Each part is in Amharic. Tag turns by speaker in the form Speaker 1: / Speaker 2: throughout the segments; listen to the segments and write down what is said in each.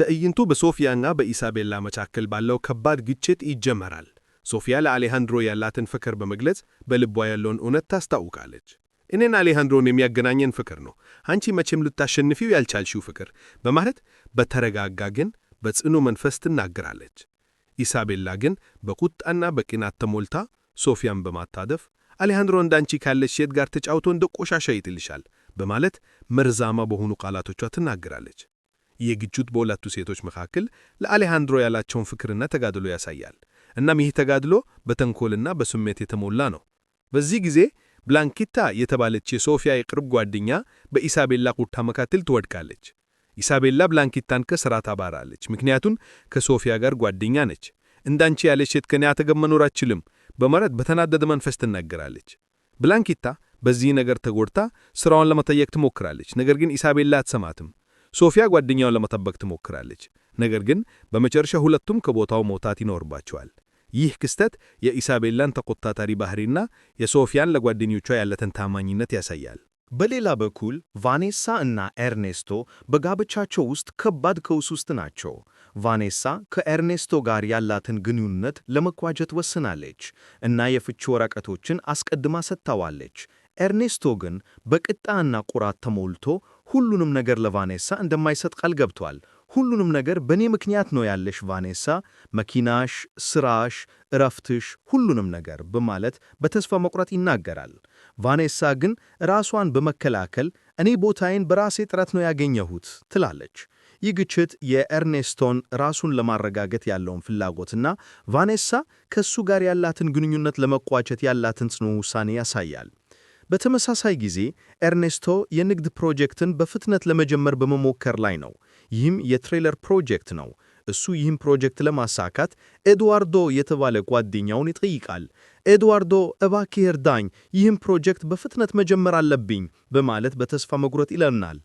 Speaker 1: ትዕይንቱ በሶፊያና በኢሳቤላ መካከል ባለው ከባድ ግጭት ይጀመራል። ሶፊያ ለአሌሃንድሮ ያላትን ፍቅር በመግለጽ በልቧ ያለውን እውነት ታስታውቃለች። እኔን አሌሃንድሮን የሚያገናኘን ፍቅር ነው፣ አንቺ መቼም ልታሸንፊው ያልቻልሽው ፍቅር በማለት በተረጋጋ ግን በጽኑ መንፈስ ትናገራለች። ኢሳቤላ ግን በቁጣና በቅናት ተሞልታ ሶፊያን በማታደፍ አሌሃንድሮ እንዳንቺ ካለች ሴት ጋር ተጫውቶ እንደ ቆሻሻ ይጥልሻል በማለት መርዛማ በሆኑ ቃላቶቿ ትናገራለች። የግጭት በሁለቱ ሴቶች መካከል ለአሌሃንድሮ ያላቸውን ፍቅርና ተጋድሎ ያሳያል። እናም ይህ ተጋድሎ በተንኮልና በስሜት የተሞላ ነው። በዚህ ጊዜ ብላንኪታ የተባለች የሶፊያ የቅርብ ጓደኛ በኢሳቤላ ቁጣ መካከል ትወድቃለች። ኢሳቤላ ብላንኪታን ከሥራ ታባራለች፣ ምክንያቱም ከሶፊያ ጋር ጓደኛ ነች። እንዳንቺ ያለች ሴት ከኔ አጠገብ መኖር በማለት በተናደደ መንፈስ ትናገራለች። ብላንኪታ በዚህ ነገር ተጎድታ ሥራውን ለመጠየቅ ትሞክራለች፣ ነገር ግን ኢሳቤላ አትሰማትም። ሶፊያ ጓደኛውን ለመጠበቅ ትሞክራለች። ነገር ግን በመጨረሻ ሁለቱም ከቦታው መውጣት ይኖርባቸዋል። ይህ ክስተት የኢሳቤላን ተቆጣጣሪ ባህሪና የሶፊያን ለጓደኞቿ ያለትን ታማኝነት ያሳያል።
Speaker 2: በሌላ በኩል ቫኔሳ እና ኤርኔስቶ በጋብቻቸው ውስጥ ከባድ ቀውስ ውስጥ ናቸው። ቫኔሳ ከኤርኔስቶ ጋር ያላትን ግንኙነት ለመቋጨት ወስናለች እና የፍቺ ወረቀቶችን አስቀድማ ሰጥታዋለች። ኤርኔስቶ ግን በቅጣና ቁራት ተሞልቶ ሁሉንም ነገር ለቫኔሳ እንደማይሰጥ ቃል ገብቷል። ሁሉንም ነገር በእኔ ምክንያት ነው ያለሽ ቫኔሳ፣ መኪናሽ፣ ስራሽ፣ እረፍትሽ፣ ሁሉንም ነገር በማለት በተስፋ መቁረጥ ይናገራል። ቫኔሳ ግን ራሷን በመከላከል እኔ ቦታዬን በራሴ ጥረት ነው ያገኘሁት ትላለች። ይህ ግጭት የኤርኔስቶን ራሱን ለማረጋገጥ ያለውን ፍላጎትና ቫኔሳ ከእሱ ጋር ያላትን ግንኙነት ለመቋጨት ያላትን ጽኑ ውሳኔ ያሳያል። በተመሳሳይ ጊዜ ኤርኔስቶ የንግድ ፕሮጀክትን በፍጥነት ለመጀመር በመሞከር ላይ ነው። ይህም የትሬለር ፕሮጀክት ነው። እሱ ይህም ፕሮጀክት ለማሳካት ኤድዋርዶ የተባለ ጓደኛውን ይጠይቃል። ኤድዋርዶ እባክህ እርዳኝ፣ ይህም ፕሮጀክት በፍጥነት መጀመር አለብኝ በማለት በተስፋ መጉረጥ ይለናል።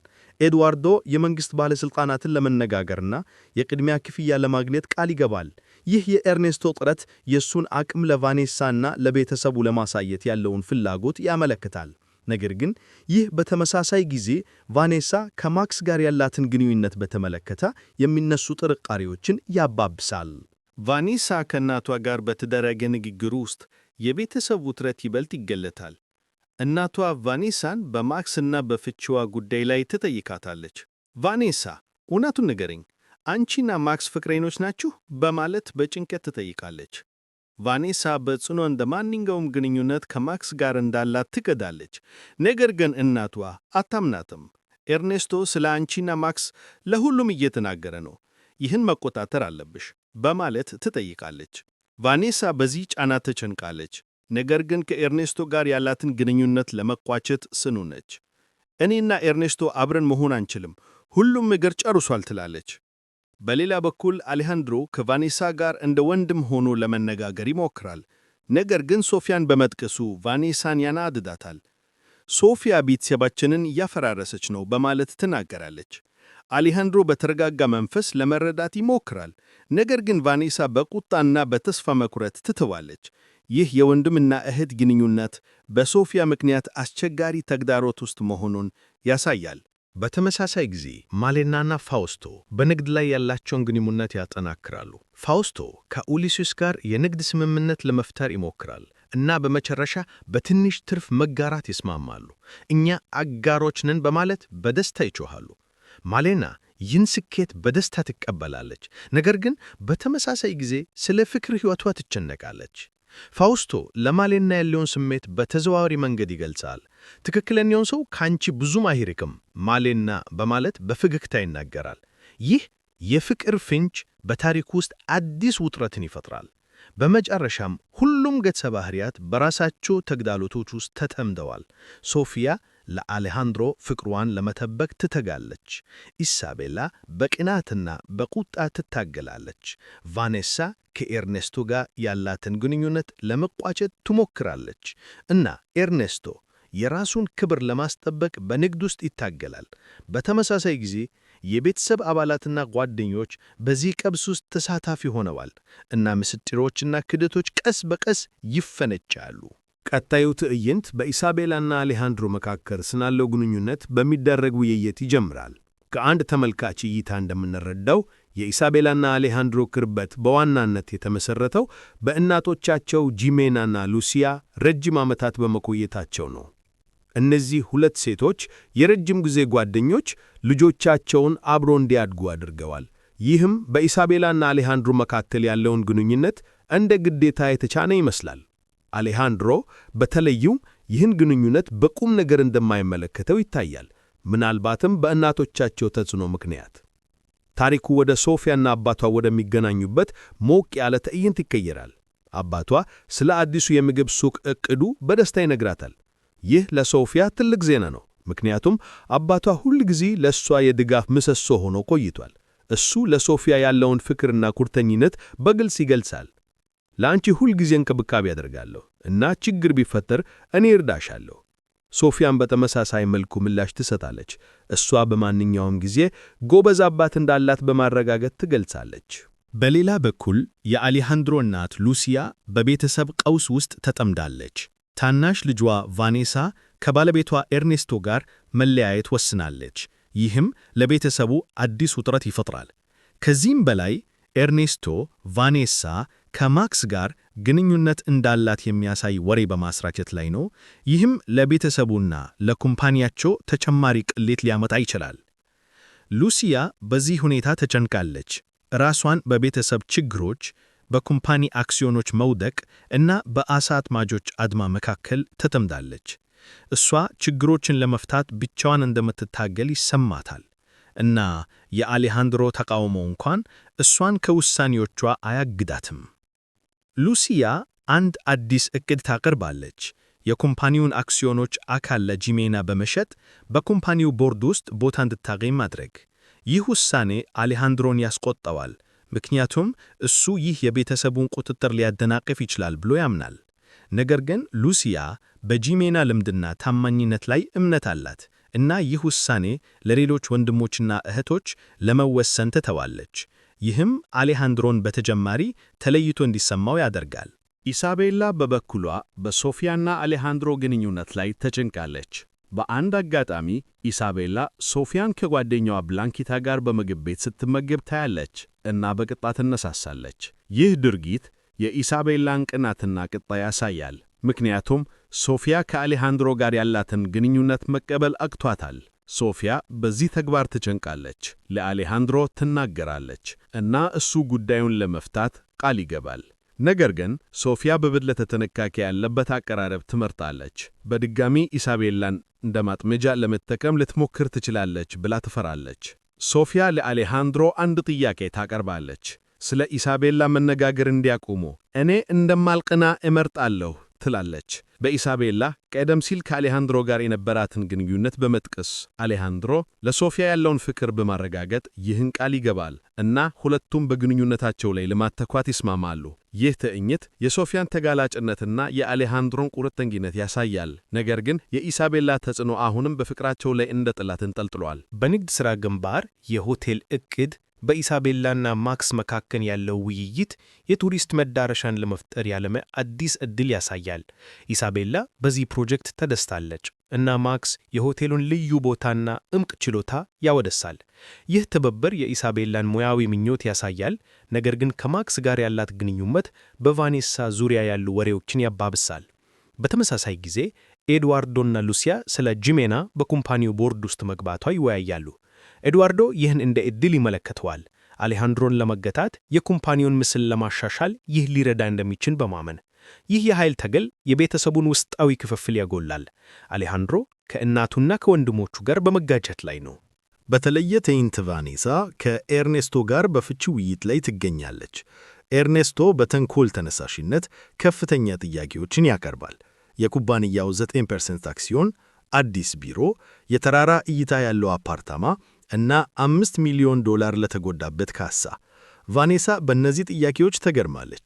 Speaker 2: ኤድዋርዶ የመንግሥት ባለሥልጣናትን ለመነጋገርና የቅድሚያ ክፍያ ለማግኘት ቃል ይገባል። ይህ የኤርኔስቶ ጥረት የእሱን አቅም ለቫኔሳና ለቤተሰቡ ለማሳየት ያለውን ፍላጎት ያመለክታል። ነገር ግን ይህ በተመሳሳይ ጊዜ ቫኔሳ ከማክስ ጋር ያላትን ግንኙነት በተመለከተ የሚነሱ ጥርጣሬዎችን ያባብሳል።
Speaker 3: ቫኔሳ ከእናቷ ጋር በተደረገ ንግግር ውስጥ የቤተሰቡ ውጥረት ይበልጥ ይገለታል። እናቷ ቫኔሳን በማክስና በፍቺዋ ጉዳይ ላይ ትጠይቃታለች። ቫኔሳ እውነቱን ንገረኝ፣ አንቺና ማክስ ፍቅረኞች ናችሁ? በማለት በጭንቀት ትጠይቃለች። ቫኔሳ በጽኑ እንደ ማንኛውም ግንኙነት ከማክስ ጋር እንዳላት ትገዳለች። ነገር ግን እናቷ አታምናትም። ኤርኔስቶ ስለ አንቺና ማክስ ለሁሉም እየተናገረ ነው፣ ይህን መቆጣጠር አለብሽ በማለት ትጠይቃለች። ቫኔሳ በዚህ ጫና ተጨንቃለች፣ ነገር ግን ከኤርኔስቶ ጋር ያላትን ግንኙነት ለመቋጨት ስኑ ነች። እኔና ኤርኔስቶ አብረን መሆን አንችልም፣ ሁሉም ነገር ጨርሷል ትላለች። በሌላ በኩል አሌሃንድሮ ከቫኔሳ ጋር እንደ ወንድም ሆኖ ለመነጋገር ይሞክራል። ነገር ግን ሶፊያን በመጥቀሱ ቫኔሳን ያናድዳታል። ሶፊያ ቤተሰባችንን እያፈራረሰች ነው በማለት ትናገራለች። አሌሃንድሮ በተረጋጋ መንፈስ ለመረዳት ይሞክራል። ነገር ግን ቫኔሳ በቁጣና በተስፋ መኩረት ትትባለች። ይህ የወንድምና እህት ግንኙነት በሶፊያ ምክንያት አስቸጋሪ ተግዳሮት ውስጥ መሆኑን ያሳያል።
Speaker 4: በተመሳሳይ ጊዜ ማሌናና ፋውስቶ በንግድ ላይ ያላቸውን ግንኙነት ያጠናክራሉ። ፋውስቶ ከኡሊሲስ ጋር የንግድ ስምምነት ለመፍጠር ይሞክራል እና በመጨረሻ በትንሽ ትርፍ መጋራት ይስማማሉ። እኛ አጋሮች ነን በማለት በደስታ ይጮኻሉ። ማሌና ይህን ስኬት በደስታ ትቀበላለች፣ ነገር ግን በተመሳሳይ ጊዜ ስለ ፍቅር ሕይወቷ ትጨነቃለች። ፋውስቶ ለማሌና ያለውን ስሜት በተዘዋዋሪ መንገድ ይገልጻል። ትክክለኛውን ሰው ከአንቺ ብዙም አይርቅም ማሌና በማለት በፈገግታ ይናገራል። ይህ የፍቅር ፍንጭ በታሪኩ ውስጥ አዲስ ውጥረትን ይፈጥራል። በመጨረሻም ሁሉም ገጸ ባህሪያት በራሳቸው ተግዳሎቶች ውስጥ ተጠምደዋል። ሶፊያ ለአሌሃንድሮ ፍቅሯን ለመጠበቅ ትተጋለች። ኢሳቤላ በቅናትና በቁጣ ትታገላለች። ቫኔሳ ከኤርኔስቶ ጋር ያላትን ግንኙነት ለመቋጨት ትሞክራለች እና ኤርኔስቶ የራሱን ክብር ለማስጠበቅ በንግድ ውስጥ ይታገላል። በተመሳሳይ ጊዜ የቤተሰብ አባላትና ጓደኞች በዚህ ቀብስ ውስጥ ተሳታፊ ሆነዋል እና ምስጢሮችና ክደቶች ቀስ በቀስ ይፈነጫሉ።
Speaker 1: ቀጣዩ ትዕይንት በኢሳቤላና አሌሃንድሮ መካከል ስናለው ግንኙነት በሚደረግ ውይይት ይጀምራል። ከአንድ ተመልካች እይታ እንደምንረዳው የኢሳቤላና አሌሃንድሮ ክርበት በዋናነት የተመሠረተው በእናቶቻቸው ጂሜናና ሉሲያ ረጅም ዓመታት በመቆየታቸው ነው። እነዚህ ሁለት ሴቶች የረጅም ጊዜ ጓደኞች ልጆቻቸውን አብሮ እንዲያድጉ አድርገዋል። ይህም በኢሳቤላና አሌሃንድሮ መካከል ያለውን ግንኙነት እንደ ግዴታ የተቻነ ይመስላል። አሌሃንድሮ በተለዩም ይህን ግንኙነት በቁም ነገር እንደማይመለከተው ይታያል፣ ምናልባትም በእናቶቻቸው ተጽዕኖ ምክንያት። ታሪኩ ወደ ሶፊያና አባቷ ወደሚገናኙበት ሞቅ ያለ ትዕይንት ይቀየራል። አባቷ ስለ አዲሱ የምግብ ሱቅ ዕቅዱ በደስታ ይነግራታል። ይህ ለሶፊያ ትልቅ ዜና ነው፣ ምክንያቱም አባቷ ሁል ጊዜ ለእሷ የድጋፍ ምሰሶ ሆኖ ቆይቷል። እሱ ለሶፊያ ያለውን ፍቅርና ቁርጠኝነት በግልጽ ይገልጻል። ለአንቺ ሁልጊዜ እንክብካቤ ያደርጋለሁ እና ችግር ቢፈጠር እኔ እርዳሻለሁ። ሶፊያም በተመሳሳይ መልኩ ምላሽ ትሰጣለች። እሷ በማንኛውም ጊዜ ጎበዝ አባት እንዳላት በማረጋገጥ ትገልጻለች።
Speaker 2: በሌላ በኩል የአሊሃንድሮ እናት ሉሲያ በቤተሰብ ቀውስ ውስጥ ተጠምዳለች። ታናሽ ልጇ ቫኔሳ ከባለቤቷ ኤርኔስቶ ጋር መለያየት ወስናለች። ይህም ለቤተሰቡ አዲስ ውጥረት ይፈጥራል። ከዚህም በላይ ኤርኔስቶ ቫኔሳ ከማክስ ጋር ግንኙነት እንዳላት የሚያሳይ ወሬ በማስራቸት ላይ ነው። ይህም ለቤተሰቡና ለኩምፓኒያቸው ተጨማሪ ቅሌት ሊያመጣ ይችላል። ሉሲያ በዚህ ሁኔታ ተጨንቃለች። ራሷን በቤተሰብ ችግሮች፣ በኩምፓኒ አክሲዮኖች መውደቅ እና በአሳ አጥማጆች አድማ መካከል ተጠምዳለች። እሷ ችግሮችን ለመፍታት ብቻዋን እንደምትታገል ይሰማታል። እና የአሌሃንድሮ ተቃውሞ እንኳን እሷን ከውሳኔዎቿ አያግዳትም። ሉሲያ አንድ አዲስ ዕቅድ ታቀርባለች። የኩምፓኒውን አክሲዮኖች አካል ለጂሜና በመሸጥ በኩምፓኒው ቦርድ ውስጥ ቦታ እንድታገኝ ማድረግ። ይህ ውሳኔ አሌሃንድሮን ያስቆጣዋል፣ ምክንያቱም እሱ ይህ የቤተሰቡን ቁጥጥር ሊያደናቅፍ ይችላል ብሎ ያምናል። ነገር ግን ሉሲያ በጂሜና ልምድና ታማኝነት ላይ እምነት አላት። እና ይህ ውሳኔ ለሌሎች ወንድሞችና እህቶች ለመወሰን ትተዋለች። ይህም አሌሃንድሮን በተጀማሪ ተለይቶ እንዲሰማው ያደርጋል።
Speaker 1: ኢሳቤላ በበኩሏ በሶፊያና አሌሃንድሮ ግንኙነት ላይ ተጨንቃለች። በአንድ አጋጣሚ ኢሳቤላ ሶፊያን ከጓደኛዋ ብላንኪታ ጋር በምግብ ቤት ስትመገብ ታያለች እና በቅጣት ትነሳሳለች። ይህ ድርጊት የኢሳቤላን ቅናትና ቅጣ ያሳያል። ምክንያቱም ሶፊያ ከአሌሃንድሮ ጋር ያላትን ግንኙነት መቀበል አቅቷታል። ሶፊያ በዚህ ተግባር ትጨንቃለች፣ ለአሌሃንድሮ ትናገራለች እና እሱ ጉዳዩን ለመፍታት ቃል ይገባል። ነገር ግን ሶፊያ በብድለተ ጥንቃቄ ያለበት አቀራረብ ትመርጣለች። በድጋሚ ኢሳቤላን እንደ ማጥመጃ ለመጠቀም ልትሞክር ትችላለች ብላ ትፈራለች። ሶፊያ ለአሌሃንድሮ አንድ ጥያቄ ታቀርባለች። ስለ ኢሳቤላ መነጋገር እንዲያቆሙ እኔ እንደማልቅና እመርጣለሁ ትላለች። በኢሳቤላ ቀደም ሲል ከአሌሃንድሮ ጋር የነበራትን ግንኙነት በመጥቀስ አሌሃንድሮ ለሶፊያ ያለውን ፍቅር በማረጋገጥ ይህን ቃል ይገባል እና ሁለቱም በግንኙነታቸው ላይ ለማተኳት ይስማማሉ። ይህ ትዕይንት የሶፊያን ተጋላጭነትና የአሌሃንድሮን ቁርጠኝነት ያሳያል። ነገር ግን የኢሳቤላ ተጽዕኖ አሁንም በፍቅራቸው ላይ እንደ ጥላት ተንጠልጥሏል።
Speaker 2: በንግድ ሥራ ግንባር የሆቴል ዕቅድ በኢሳቤላና ማክስ መካከል ያለው ውይይት የቱሪስት መዳረሻን ለመፍጠር ያለመ አዲስ ዕድል ያሳያል። ኢሳቤላ በዚህ ፕሮጀክት ተደስታለች እና ማክስ የሆቴሉን ልዩ ቦታና እምቅ ችሎታ ያወደሳል። ይህ ትብብር የኢሳቤላን ሙያዊ ምኞት ያሳያል፣ ነገር ግን ከማክስ ጋር ያላት ግንኙነት በቫኔሳ ዙሪያ ያሉ ወሬዎችን ያባብሳል። በተመሳሳይ ጊዜ ኤድዋርዶና ሉሲያ ስለ ጂሜና በኩምፓኒው ቦርድ ውስጥ መግባቷ ይወያያሉ። ኤድዋርዶ ይህን እንደ ዕድል ይመለከተዋል። አሌሃንድሮን ለመገታት የኩምፓኒውን ምስል ለማሻሻል ይህ ሊረዳ እንደሚችል በማመን ይህ የኃይል ተገል የቤተሰቡን ውስጣዊ ክፍፍል ያጎላል። አሌሃንድሮ ከእናቱና ከወንድሞቹ ጋር በመጋጨት ላይ ነው።
Speaker 3: በተለየ ትዕይንት ቫኔሳ ከኤርኔስቶ ጋር በፍቺ ውይይት ላይ ትገኛለች። ኤርኔስቶ በተንኮል ተነሳሽነት ከፍተኛ ጥያቄዎችን ያቀርባል። የኩባንያው 9 ፐርሰንት አክሲዮን፣ አዲስ ቢሮ፣ የተራራ እይታ ያለው አፓርታማ እና አምስት ሚሊዮን ዶላር ለተጎዳበት ካሳ። ቫኔሳ በእነዚህ ጥያቄዎች ተገርማለች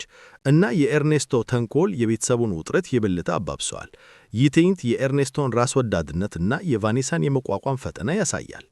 Speaker 3: እና የኤርኔስቶ ተንኮል የቤተሰቡን ውጥረት የበለጠ አባብሰዋል። ይህ ትዕይንት የኤርኔስቶን ራስ ወዳድነት እና የቫኔሳን የመቋቋም ፈተና ያሳያል።